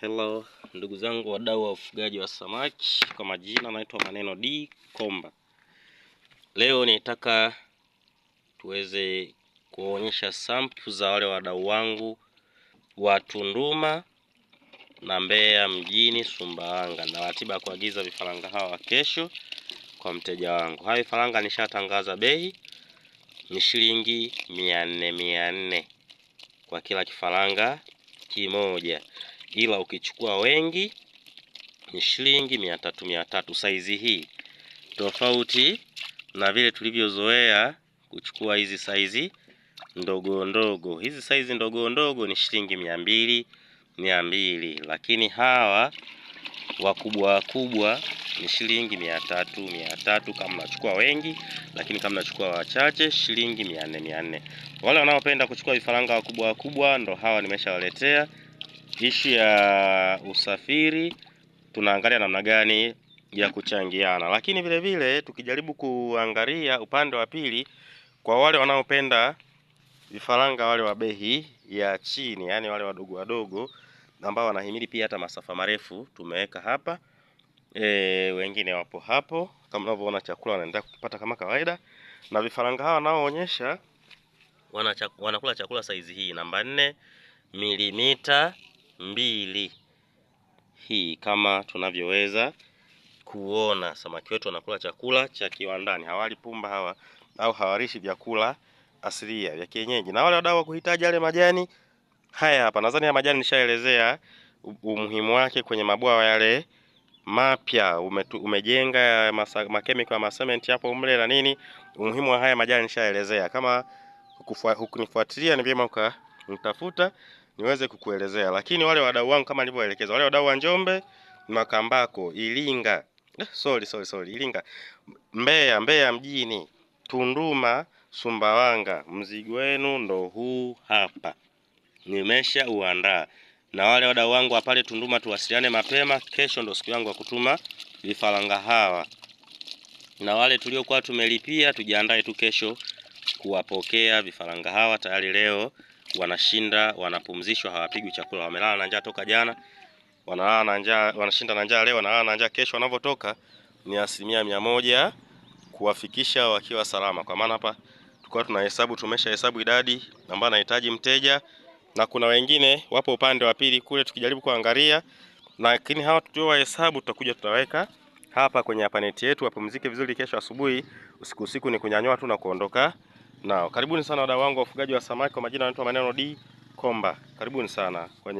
Hello ndugu zangu wadau wa ufugaji wa samaki, kwa majina naitwa Maneno D Komba. Leo nitaka tuweze kuonyesha sampu za wale wadau wangu wa Tunduma na Mbeya mjini Sumbawanga, na ratiba ya kuagiza vifaranga hawa kesho kwa mteja wangu. hayo vifaranga nishatangaza bei, ni shilingi mia nne mia nne kwa kila kifaranga kimoja ila ukichukua wengi ni shilingi mia tatu mia tatu saizi hii, tofauti na vile tulivyozoea kuchukua hizi saizi ndogo ndogo. Hizi saizi ndogo ndogo ni shilingi mia mbili mia mbili, lakini hawa wakubwa wakubwa ni shilingi mia tatu mia tatu kama nachukua wengi, lakini kama nachukua wachache shilingi mia nne mia nne. Wale wanaopenda kuchukua vifaranga wakubwa wakubwa ndo hawa nimeshawaletea ishi ya usafiri tunaangalia namna gani ya kuchangiana, lakini vile vile tukijaribu kuangalia upande wa pili kwa wale wanaopenda vifaranga wale wa bei ya chini, yani wale wadogo wadogo ambao wanahimili pia hata masafa marefu tumeweka hapa e, wengine wapo hapo kama unavyoona, chakula wanaendelea kupata kama kawaida, na vifaranga hawa wanaoonyesha wanakula chakula saizi hii namba nne milimita mbili hii kama tunavyoweza kuona samaki wetu wanakula chakula cha kiwandani, hawali pumba hawa au hawarishi vyakula asilia vya kienyeji. Na wale wadau wa kuhitaji yale majani haya hapa, nadhani ya majani nishaelezea umuhimu wake kwenye mabwawa yale mapya, umejenga makemiko ya masementi hapo mle na nini. Umuhimu wa haya majani nishaelezea. Kama hukunifuatilia, ni vyema ukamtafuta niweze kukuelezea, lakini wale wadau wangu kama nilivyoelekeza, wale wadau wa Njombe, Makambako, Ilinga eh, sorry, sorry, sorry, Ilinga, Mbeya, Mbeya mjini, Tunduma, Sumbawanga, mzigo wenu ndo huu hapa, nimesha uandaa na wale wadau wangu wa pale Tunduma tuwasiliane mapema. Kesho ndo siku yangu ya kutuma vifaranga hawa, na wale tuliokuwa tumelipia tujiandae tu kesho kuwapokea vifaranga hawa. Tayari leo wanashinda wanapumzishwa, hawapigwi chakula, wamelala na njaa toka jana, wanalala na njaa, wanashinda na njaa leo, wanalala na njaa kesho. Wanavyotoka ni asilimia mia moja kuwafikisha wakiwa salama, kwa maana hapa tulikuwa tunahesabu, tumeshahesabu idadi ambayo anahitaji mteja, na kuna wengine wapo upande wa pili kule, tukijaribu kuangalia, lakini hawa tuliowahesabu tutakuja tutaweka hapa kwenye apaneti yetu, wapumzike vizuri kesho asubuhi. Usiku usiku ni kunyanyua tu na kuondoka nao. Karibuni sana wadau wangu wafugaji wa samaki, kwa majina yanaitwa Maneno D Komba, karibuni sana kwenye